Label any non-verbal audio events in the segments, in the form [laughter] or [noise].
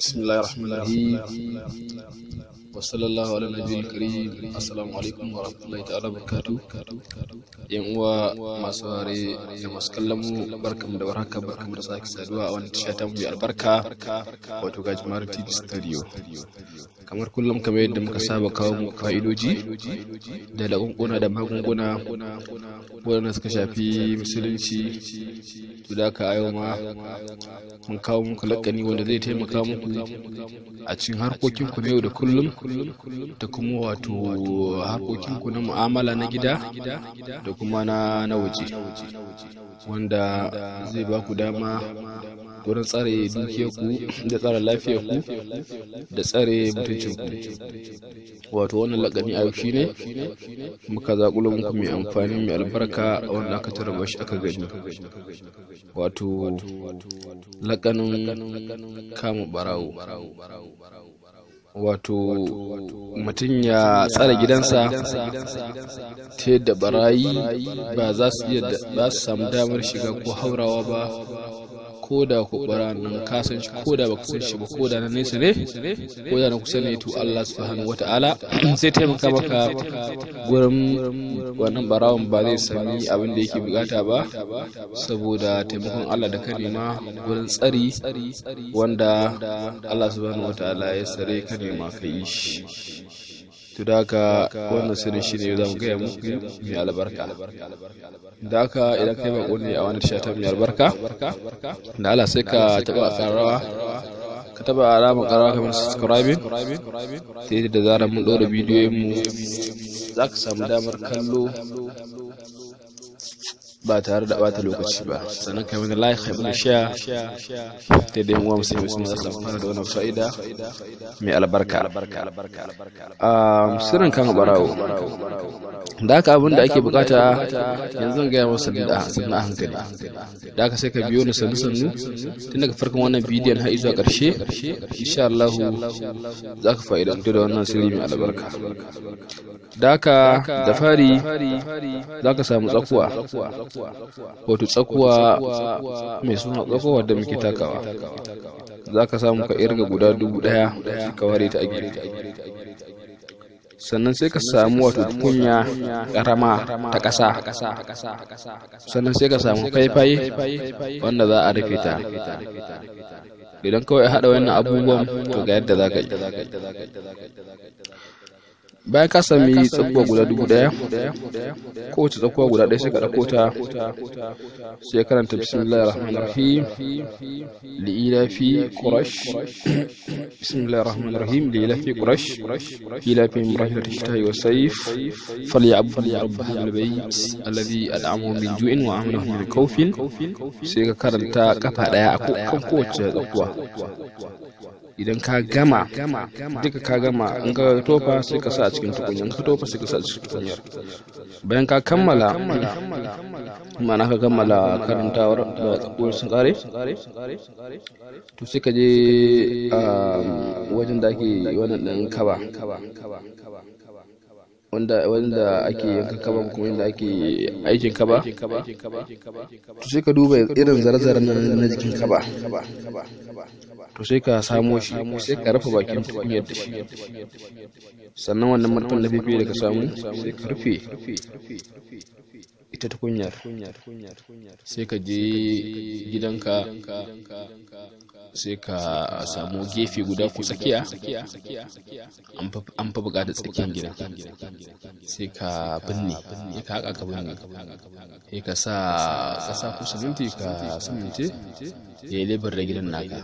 بسم الله الرحمن الرحيم وصلى الله على النبي الكريم السلام عليكم ورحمة الله تعالى وبركاته yan uwa masu ware da masu kallon mu barkamu da warhaka barkamu da sake saduwa a wani tasha ta albarka wato gajimar tv studio kamar kullum kamar yadda muka saba kawo muku fa'idoji da lagunguna da magunguna wadanda suka shafi musulunci to da aka ayo ma mun kawo muku lakani wanda zai taimaka muku a cikin harkokin ku na yau da kullum da kuma wato harkokin ku na mu'amala na gida da kuma na waje wanda zai ba ku dama gurin tsare dukiyar ku da tsare lafiyar ku da tsare mutuncin ku wato wannan lagani a yau ne muka zaƙulo muku mai amfani mai albarka wanda aka tarba shi aka gani wato lakanin kama barawo wato mutum ya tsara gidansa ta yadda barayi ba za su samu damar shiga ko haurawa ba ko da kubura nan ka san shi ko da baka san shi ba ko da na nesa ne ko da na kusa ne to Allah subhanahu wataala sai [clears throat] taimaka maka gurin wannan barawon ba zai sani abin da yake bukata ba saboda taimakon Allah da ka nema gurin tsari wanda Allah subhanahu wataala ya sare ka nema ka yi shi to da haka wannan sirrin shi ne za mu gaya muku mai albarka da haka idan kai ba ne a wani shata mai albarka da ala sai ka taba karawa ka taba alamar karawa kamar subscribing ta yadda da zarar mun ɗora bidiyoyin mu za ka samu damar kallo ba tare da bata lokaci ba sannan kai wani like kai wani share da dai uwa musulmi sun zasu amfana da wannan fa'ida mai albarka a sirrin kan barawo da haka abin da ake bukata yanzu gaya masa da sannu a hankali da ka sai ka biyo ni sannu sannu tun daga farkon wannan bidiyon har zuwa karshe insha Allah za ka fa'idantu da wannan sirri mai albarka da ka da fari za ka samu tsakuwa wato tsakuwa mai suna tsakuwa wadda muke takawa za ka samu ka irga guda dubu daya ka ware ta a sannan sai ka samu wato tukunya karama ta ƙasa sannan sai ka samu faifaye wanda za a rufe ta idan kawai haɗa wannan abubuwan to ga yadda za ka yi bayan ka sami tsakuwa guda dubu daya kowace tsakuwa guda daya sai ka ɗauko ta sai karanta bismillahir rahmanir rahim li ilafi qurash bismillahir rahmanir rahim li ilafi qurash ilafi murahila tashtahi wa sayf falyabdu rabbah albayt alladhi al'amu min ju'in wa amlahu min kawfin sai ka karanta kafa daya a kowace tsakuwa idan ka gama duka ka gama in ka tofa sai ka sa a cikin tukunyar ka tofa sai ka sa a cikin tukunyar bayan ka kammala ma'ana ka kammala karantawar da tsakuwar sun kare to sai ka je ah, wajen da ake wannan ɗan kaba wanda wanda ake yanka kaba kuma inda ake aikin kaba to sai ka duba irin zarazara na jikin kaba to sai ka samo shi sai ka rufe bakin tukunyar da shi sannan wannan martan na fifi da ka samu sai ka rufe ita tukunyar sai ka je gidanka sai ka samu gefe guda ko tsakiya an fi bukatar tsakiyar gidan sai ka binne ya ka haka ka binne ya ka sa kasa ku siminti ka siminti ya yi labar da gidan naka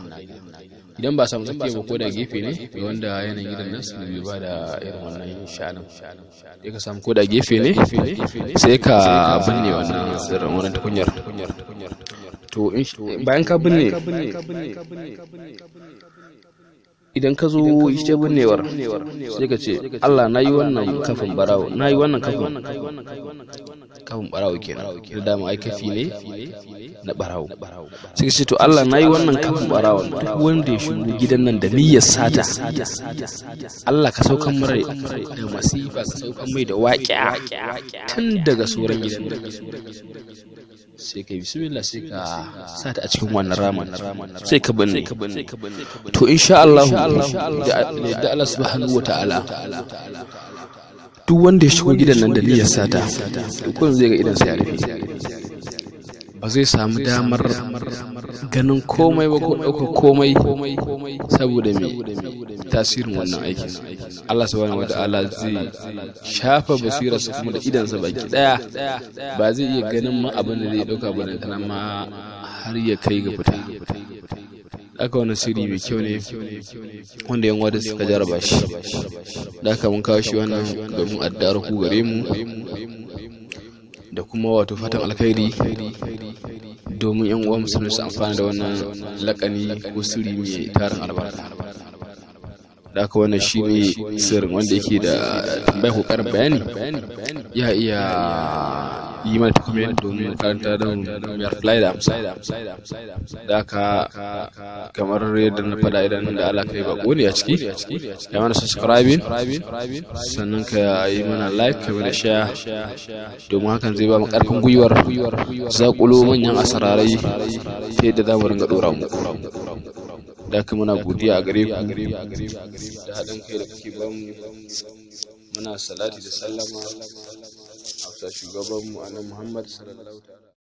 idan ba samu tsakiya ba ko da gefe ne ga wanda yanayin gidan nan su bai ba da irin wannan shanin ya ka samu ko da gefe ne sai ka binne wannan sirrin wurin tukunyar to bayan ka binne idan ka zo ita binnewar sai ka ce Allah na yi wannan kafin barawo na yi wannan kafin kafin barawo kenan da dama ai fi ne na barawo sai ce to Allah nayi wannan kafin barawo duk wanda ya shigo gidan nan da niyyar sata Allah ka saukan mai da masifa ka saukan mai da waƙiya tun daga sauran gidan sai ka bismillah sai ka sa ta a cikin wannan raman sai ka bane to insha Allah da Allah subhanahu wa ta'ala duk wanda ya shigo gidan nan da liyar sata dukkan zai ga idan sai ya rufe ba zai samu damar ganin komai ba ko ɗaukar komai saboda mai tasirin wannan aikin Allah sabon wa ta'ala zai shafa basira su kuma da idansa baki daya ba zai iya ganin ma abin da zai ɗauka ba da ma har ya kai ga fita aka wani siri mai kyau ne wanda yan wada suka jaraba shi da aka mun kawo shi wannan domin addar ku gare mu da kuma wato fatan alkhairi domin yan uwa musulmi su amfana da wannan lakani ko siri mai tarin albarka da aka wannan shi ne sirrin wanda yake da tambayar ko bayani ya iya yi mana comment domin makaranta don mai fly da amsa da ka kamar yadda na faɗa idan da Allah ba bako ne a ciki ya mana subscribing sannan ka yi mana like ka mana share domin hakan zai ba mu karfin gwiwar zakulo manyan asararai ta yadda za mu ringa dora mu da ka muna godiya a gare ku da haɗin kai da kake mu muna salati da sallama hafsa shugabanmu nan muhammad sallallahu ta'ala